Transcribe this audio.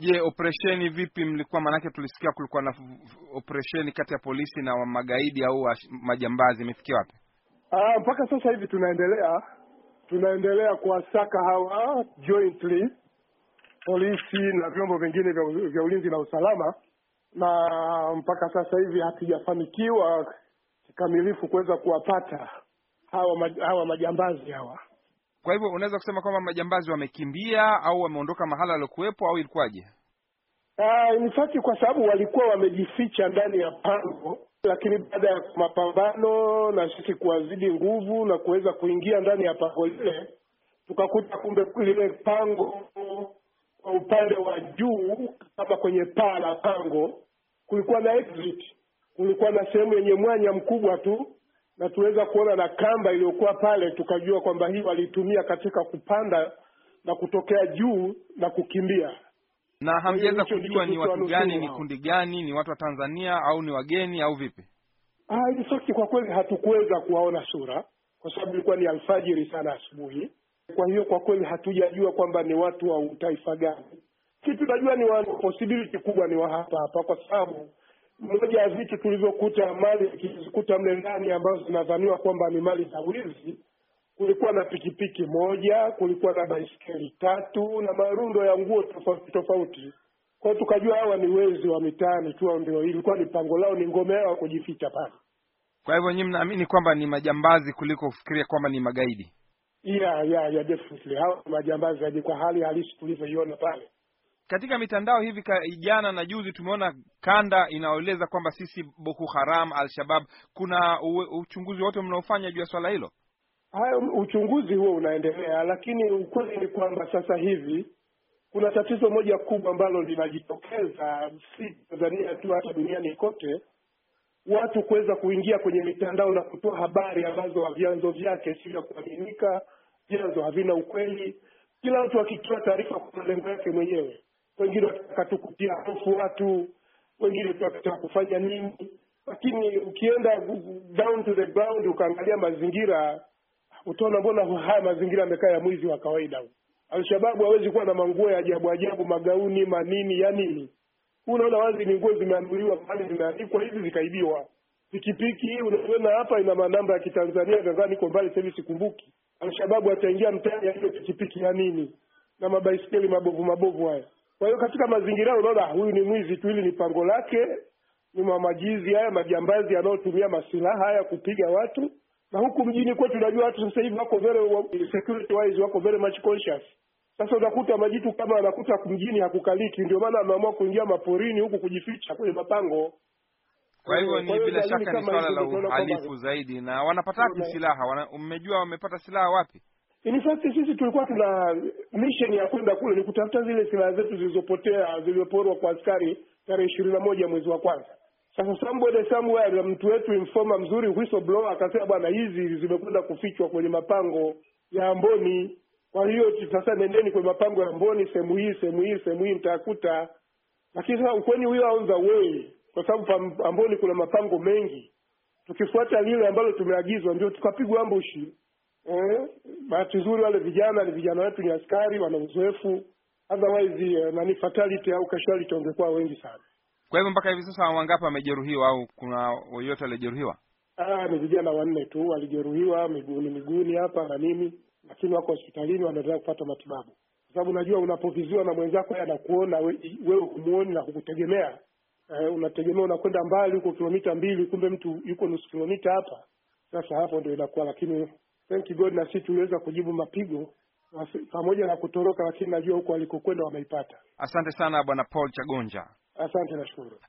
Je, operesheni vipi mlikuwa? Maanake tulisikia kulikuwa na operesheni kati ya polisi na magaidi au majambazi, imefikia wapi ah, mpaka sasa hivi? Tunaendelea, tunaendelea kuwasaka hawa jointly polisi na vyombo vingine vya, vya ulinzi na usalama, na mpaka sasa hivi hatujafanikiwa kikamilifu kuweza kuwapata hawa hawa majambazi hawa. Kwa hivyo unaweza kusema kwamba majambazi wamekimbia au wameondoka mahala waliokuwepo au ilikuwaje? Uh, kwa sababu walikuwa wamejificha ndani ya pango, lakini baada ya mapambano na sisi kuwazidi nguvu na kuweza kuingia ndani ya pango lile, tukakuta kumbe lile pango kwa upande wa juu, kama kwenye paa la pango kulikuwa na exit, kulikuwa na sehemu yenye mwanya mkubwa tu na tuweza kuona na kamba iliyokuwa pale, tukajua kwamba hii walitumia katika kupanda na kutokea juu na kukimbia. Na hamjaweza kujua ni watu gani, ni kundi gani, ni watu wa Tanzania au ni wageni au vipi? Ah, in kwa kweli hatukuweza kuwaona sura kwa sababu ilikuwa ni alfajiri sana asubuhi. Kwa hiyo kwa kweli hatujajua kwamba ni watu wa utaifa gani. Kitu tunajua ni wa possibility kubwa ni wa hapa hapa, kwa sababu moja ya vitu tulivyokuta mali tulizikuta mle ndani ambazo zinadhaniwa kwamba ni mali za wizi, kulikuwa na pikipiki moja, kulikuwa na baiskeli tatu na marundo ya nguo tofauti tofauti. Kwa hiyo tukajua hawa ni wezi wa mitaani tu, ndio ilikuwa ni pango lao, ni ngome yao kujificha pale. Kwa hivyo nyinyi mnaamini kwamba ni majambazi kuliko kufikiria kwamba ni magaidi? Yeah, yeah, yeah, definitely hao majambazi, yaani kwa hali halisi tulivyoiona pale katika mitandao hivi jana na juzi tumeona kanda inayoeleza kwamba sisi Boko Haram, Al-Shabab, kuna uchunguzi wote mnaofanya juu ya swala hilo? Hayo uchunguzi huo unaendelea, lakini ukweli ni kwamba sasa hivi kuna tatizo moja kubwa ambalo linajitokeza si Tanzania tu, hata duniani kote, watu kuweza kuingia kwenye mitandao na kutoa habari ambazo vyanzo vyake si vya kuaminika, vyanzo havina ukweli, kila mtu akitoa taarifa kwa malengo yake mwenyewe wengine wakitaka tu kutia hofu watu, wengine tu wakitaka kufanya nini, lakini ukienda down to the ground ukaangalia mazingira utaona mbona haya mazingira amekaa ya mwizi wa kawaida. Alshababu hawezi kuwa na manguo ya ajabu ajabu, magauni manini ya nini. Unaona wazi ni nguo zimeanuliwa pale, zimeandikwa hizi zikaibiwa. Pikipiki hii unaona hapa ina manamba ya Kitanzania, nadhani iko mbali sasa hivi sikumbuki. Alshababu ataingia mtaani ya hiyo pikipiki ya nini, na mabaiskeli mabovu mabovu haya. Kwa hiyo katika mazingira hayo unaona huyu ni mwizi tu, hili ni pango lake, ni mamajizi haya majambazi yanayotumia masilaha haya kupiga watu. Na huku mjini kwetu unajua watu sasa hivi wako very security wise, wako very much conscious. Sasa unakuta majitu kama anakuta mjini hakukaliki, ndio maana ameamua kuingia maporini huku kujificha kwenye mapango. Kwa hivyo ni bila shaka ni swala la uhalifu zaidi. Na wanapata silaha? Mmejua wamepata silaha wapi? In fact sisi tulikuwa tuna mission ya kwenda kule ni kutafuta zile silaha zetu zilizopotea zilizoporwa kwa askari tarehe ishirini na moja mwezi wa kwanza. Sasa somebody somewhere, na mtu wetu informa mzuri whistleblower akasema, bwana, hizi zimekwenda kufichwa kwenye mapango ya Amboni. Kwa hiyo sasa nendeni kwenye mapango ya Amboni, sehemu hii sehemu hii sehemu hii mtakuta. Lakini sasa ukweni huyo on the way, kwa sababu Amboni kuna mapango mengi. Tukifuata lile ambalo tumeagizwa, ndio tukapigwa ambushi eh, bahati nzuri wale vijana ni vijana wetu, ni askari, wana uzoefu, otherwise eh, nani fatality au casualty wangekuwa wengi sana. Kwa hivyo mpaka hivi sasa wangapi wamejeruhiwa au kuna yoyote aliyejeruhiwa? Ah, ni vijana wanne tu walijeruhiwa miguuni miguuni hapa na nini, lakini wako hospitalini wanaendelea kupata matibabu, kwa sababu unajua unapoviziwa na mwenzako anakuona wewe humuoni na kukutegemea eh, unategemea unakwenda mbali huko kilomita mbili, kumbe mtu yuko nusu kilomita hapa. Sasa hapo ndio inakuwa, lakini thank God na sisi tuliweza kujibu mapigo pamoja na kutoroka, lakini najua huko walikokwenda wameipata. Asante sana Bwana Paul Chagonja, asante nashukuru.